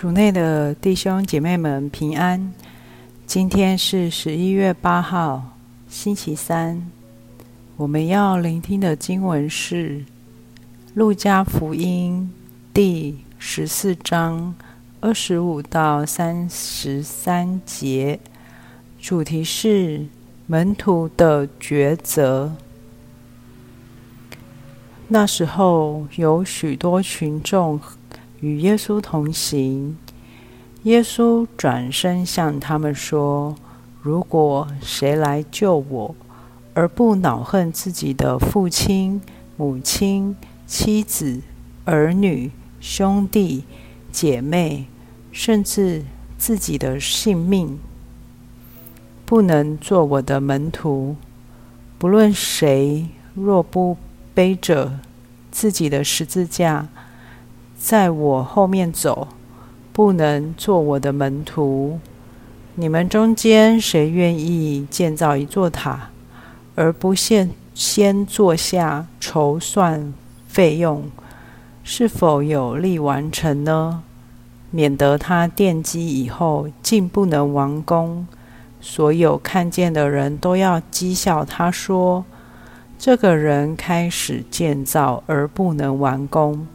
主內的弟兄姐妹們平安！今天是十一月八號，星期三。我們要聆聽的經文是《路加福音》第十四章二十五到三十三節，主題是門徒的抉擇。那時候有許多群眾與耶穌同行，耶穌轉身向他們說：“如果誰來就我，而不惱恨自己的父親、母親、妻子、兒女、兄弟、姐妹，甚至自己的性命，不能做我的門徒。不論誰，若不背着自己的十字架，在我後面走，不能做我的門徒。你們中間誰願意建造一座塔，而不先先坐下籌算費用，是否有力完成呢？免得他奠基以後，竟不能完工。所有看見的人都要譏笑他，說：“這個人開始建造，而不能完工。”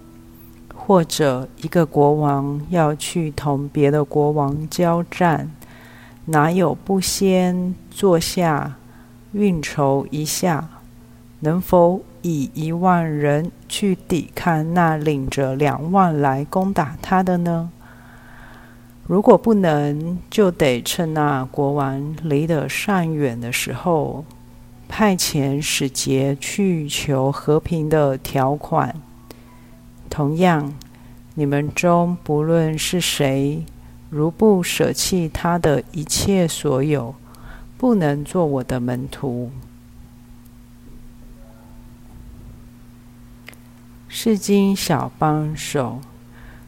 或者一個國王要去同別的國王交戰，哪有不先坐下運籌一下，能否以一萬人去抵抗那領着兩萬來攻打他的呢？如果不能，就得趁那國王離得尚遠的時候，派遣使節去求和平的條款。同樣，你們中不論是誰，如不捨棄他的一切所有，不能做我的門徒。釋經小幫手，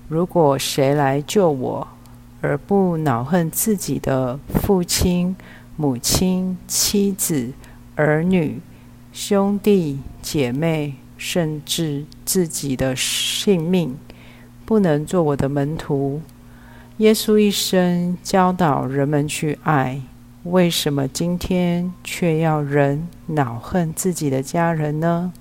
如果誰來就我，而不惱恨自己的父親、母親、妻子、兒女、兄弟、姐妹。甚至自己的性命，不能做我的門徒。耶穌一生教導人們去愛，為什麼今天卻要人惱恨自己的家人呢？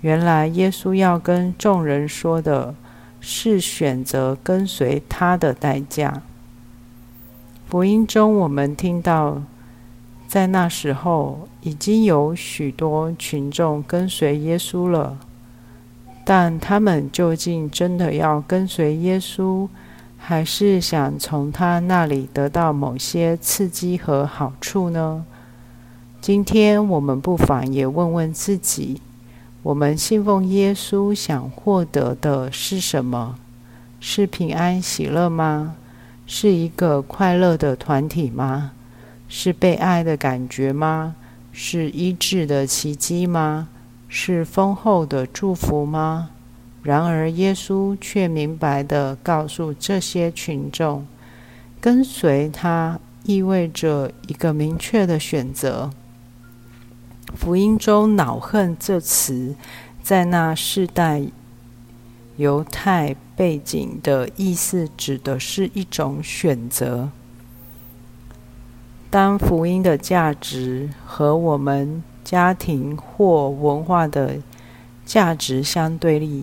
原來耶穌要跟眾人說的是選擇跟隨他的代價。福音中我們聽到。在那時候，已經有許多群眾跟隨耶穌了。但他們究竟真的要跟隨耶穌，還是想從他那裡得到某些刺激和好處呢？今天我們不妨也問問自己：我們信奉耶穌，想獲得的是什麼？是平安喜樂嗎？是一個快樂的團體嗎？是被愛的感覺嗎？是醫治的奇跡嗎？是豐厚的祝福嗎？然而，耶穌卻明白地告訴這些群眾，跟隨他意味着一個明確的選擇。福音中“惱恨”這詞，在那世代猶太背景的意思，指的是一種選擇。當福音的價值和我們家庭或文化的價值相對立，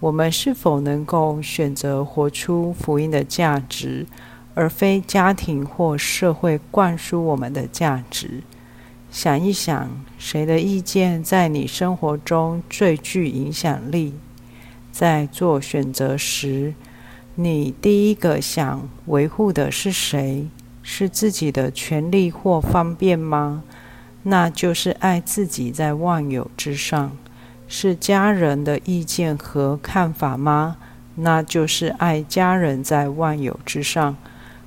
我們是否能夠選擇活出福音的價值，而非家庭或社會灌輸我們的價值？想一想，誰的意見在你生活中最具影響力？在做選擇時，你第一個想維護的是誰？是自己的權利或方便嗎？那就是愛自己在萬有之上。是家人的意見和看法嗎？那就是愛家人在萬有之上。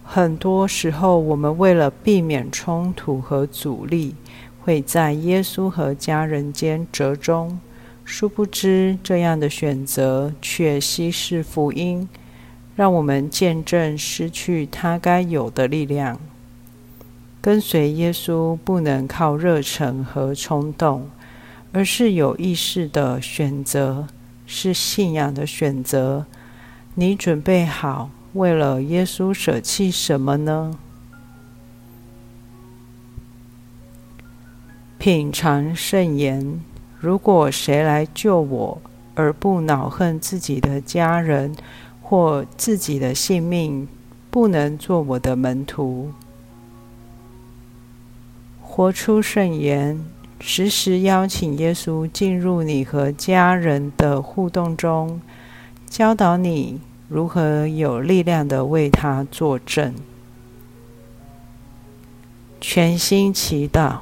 很多時候，我們為了避免衝突和阻力，會在耶穌和家人間折衷，殊不知這樣的選擇卻稀釋福音。讓我們的見證失去他該有的力量。跟隨耶穌不能靠熱忱和衝動，而是有意識的選擇，是信仰的選擇。你準備好為了耶穌捨棄什麼呢？品嚐聖言。如果誰來就我，而不惱恨自己的家人。或自己的性命，不能做我的門徒。活出聖言，時時邀請耶穌進入你和家人的互動中，教導你如何有力量的為他作證。全心祈禱，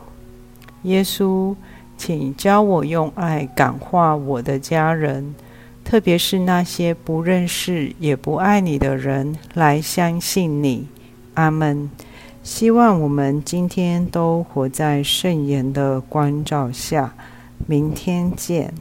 耶穌，請教我用愛感化我的家人。特別是那些不認識也不愛你的人來相信你，阿門。希望我們今天都活在聖言的光照下，明天見。